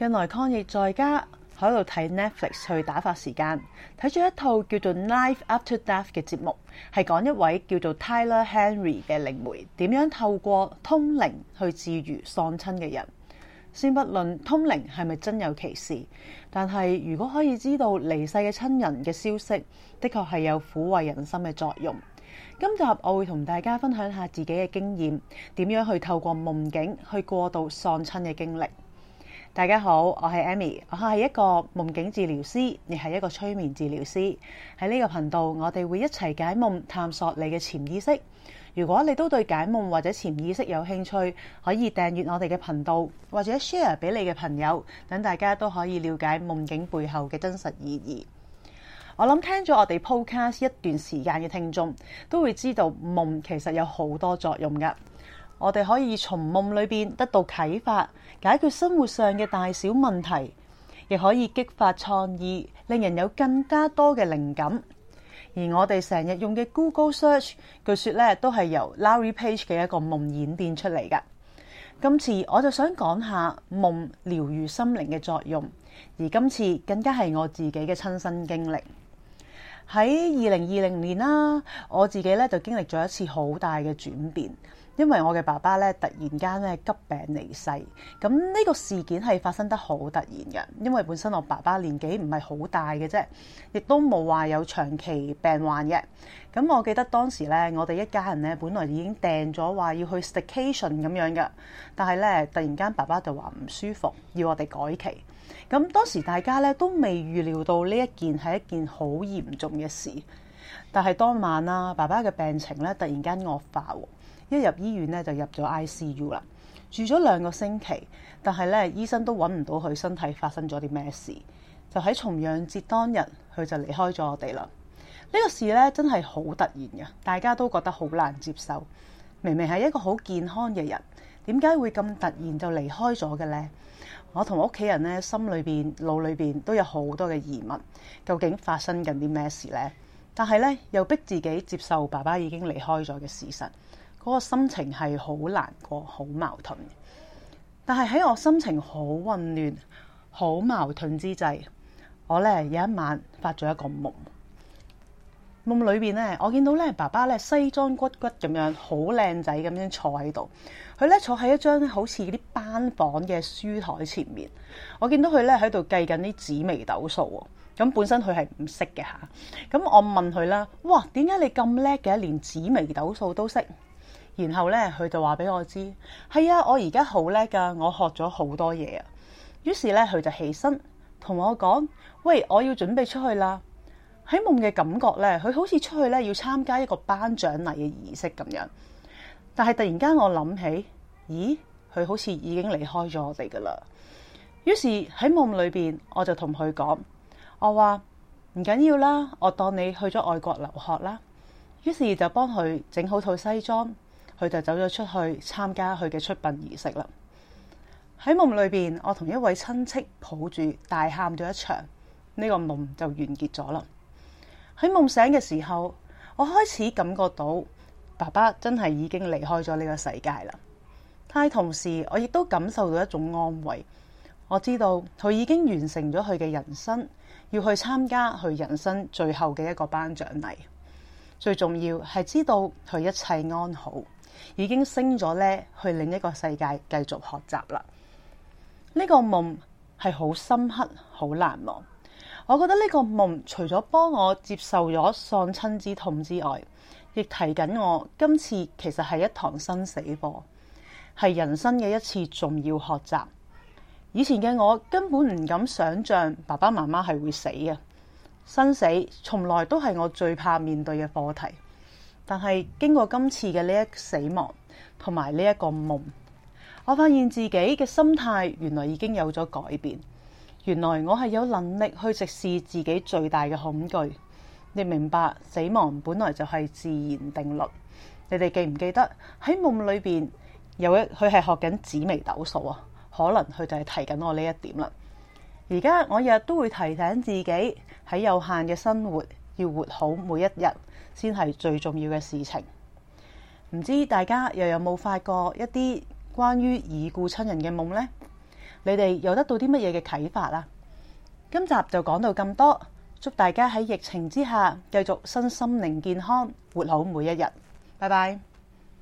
近來抗疫在家，喺度睇 Netflix 去打發時間，睇咗一套叫做《Life After Death》嘅節目，係講一位叫做 Tyler Henry 嘅靈媒點樣透過通靈去治愈喪親嘅人。先不論通靈係咪真有其事，但係如果可以知道離世嘅親人嘅消息，的確係有撫慰人心嘅作用。今集我會同大家分享下自己嘅經驗，點樣去透過夢境去過渡喪親嘅經歷。大家好，我係 Amy，我係一個夢境治療師，亦係一個催眠治療師。喺呢個頻道，我哋會一齊解夢，探索你嘅潛意識。如果你都對解夢或者潛意識有興趣，可以訂閱我哋嘅頻道，或者 share 俾你嘅朋友，等大家都可以了解夢境背後嘅真實意義。我諗聽咗我哋 podcast 一段時間嘅聽眾，都會知道夢其實有好多作用㗎。我哋可以從夢裏邊得到啟發，解決生活上嘅大小問題，亦可以激發創意，令人有更加多嘅靈感。而我哋成日用嘅 Google Search，據說咧都係由 Larry Page 嘅一個夢演變出嚟㗎。今次我就想講下夢療癒心靈嘅作用，而今次更加係我自己嘅親身經歷。喺二零二零年啦，我自己咧就經歷咗一次好大嘅轉變。因為我嘅爸爸咧，突然間咧急病離世，咁呢個事件係發生得好突然嘅。因為本身我爸爸年紀唔係好大嘅啫，亦都冇話有，有長期病患嘅。咁我記得當時咧，我哋一家人咧，本來已經訂咗話要去 staycation 咁樣嘅，但係咧突然間爸爸就話唔舒服，要我哋改期。咁當時大家咧都未預料到呢一件係一件好嚴重嘅事，但係當晚啦，爸爸嘅病情咧突然間惡化。一入醫院咧，就入咗 ICU 啦，住咗兩個星期，但係咧，醫生都揾唔到佢身體發生咗啲咩事，就喺重陽節當日，佢就離開咗我哋啦。呢、呢個事咧真係好突然嘅，大家都覺得好難接受。明明係一個好健康嘅人，點解會咁突然就離開咗嘅呢？我同屋企人咧，心裏邊、腦裏邊都有好多嘅疑問，究竟發生緊啲咩事呢？但係咧，又逼自己接受爸爸已經離開咗嘅事實。嗰個心情係好難過、好矛盾。但係喺我心情好混亂、好矛盾之際，我呢有一晚發咗一個夢。夢裏邊呢，我見到咧爸爸咧西裝骨骨咁樣，好靚仔咁樣坐喺度。佢呢坐喺一張好似啲班房嘅書台前面。我見到佢呢喺度計緊啲紫微斗數喎。咁、嗯、本身佢係唔識嘅嚇。咁、啊、我問佢啦：哇，點解你咁叻嘅？連紫微斗數都識？然後咧，佢就話俾我知係啊，我而家好叻噶，我學咗好多嘢啊。於是咧，佢就起身同我講：喂，我要準備出去啦。喺夢嘅感覺咧，佢好似出去咧要參加一個頒獎禮嘅儀式咁樣。但係突然間，我諗起，咦，佢好似已經離開咗我哋噶啦。於是喺夢裏邊，我就同佢講：我話唔緊要啦，我當你去咗外國留學啦。於是就幫佢整好套西裝。佢就走咗出去參加佢嘅出殯儀式啦。喺夢裏邊，我同一位親戚抱住大喊咗一場，呢個夢就完結咗啦。喺夢醒嘅時候，我開始感覺到爸爸真係已經離開咗呢個世界啦。但同時，我亦都感受到一種安慰，我知道佢已經完成咗佢嘅人生，要去參加佢人生最後嘅一個頒獎禮。最重要係知道佢一切安好。已經升咗咧，去另一個世界繼續學習啦。呢個夢係好深刻、好難忘。我覺得呢個夢除咗幫我接受咗喪親之痛之外，亦提緊我今次其實係一堂生死課，係人生嘅一次重要學習。以前嘅我根本唔敢想象爸爸媽媽係會死嘅，生死從來都係我最怕面對嘅課題。但係經過今次嘅呢一死亡同埋呢一個夢，我發現自己嘅心態原來已經有咗改變。原來我係有能力去直視自己最大嘅恐懼。你明白死亡本來就係自然定律。你哋記唔記得喺夢裏邊有一佢係學緊紫微斗數啊？可能佢就係提緊我呢一點啦。而家我日日都會提醒自己喺有限嘅生活。要活好每一日，先係最重要嘅事情。唔知大家又有冇發過一啲關於已故親人嘅夢咧？你哋又得到啲乜嘢嘅啟發啊？今集就講到咁多，祝大家喺疫情之下繼續身心靈健康，活好每一日。拜拜。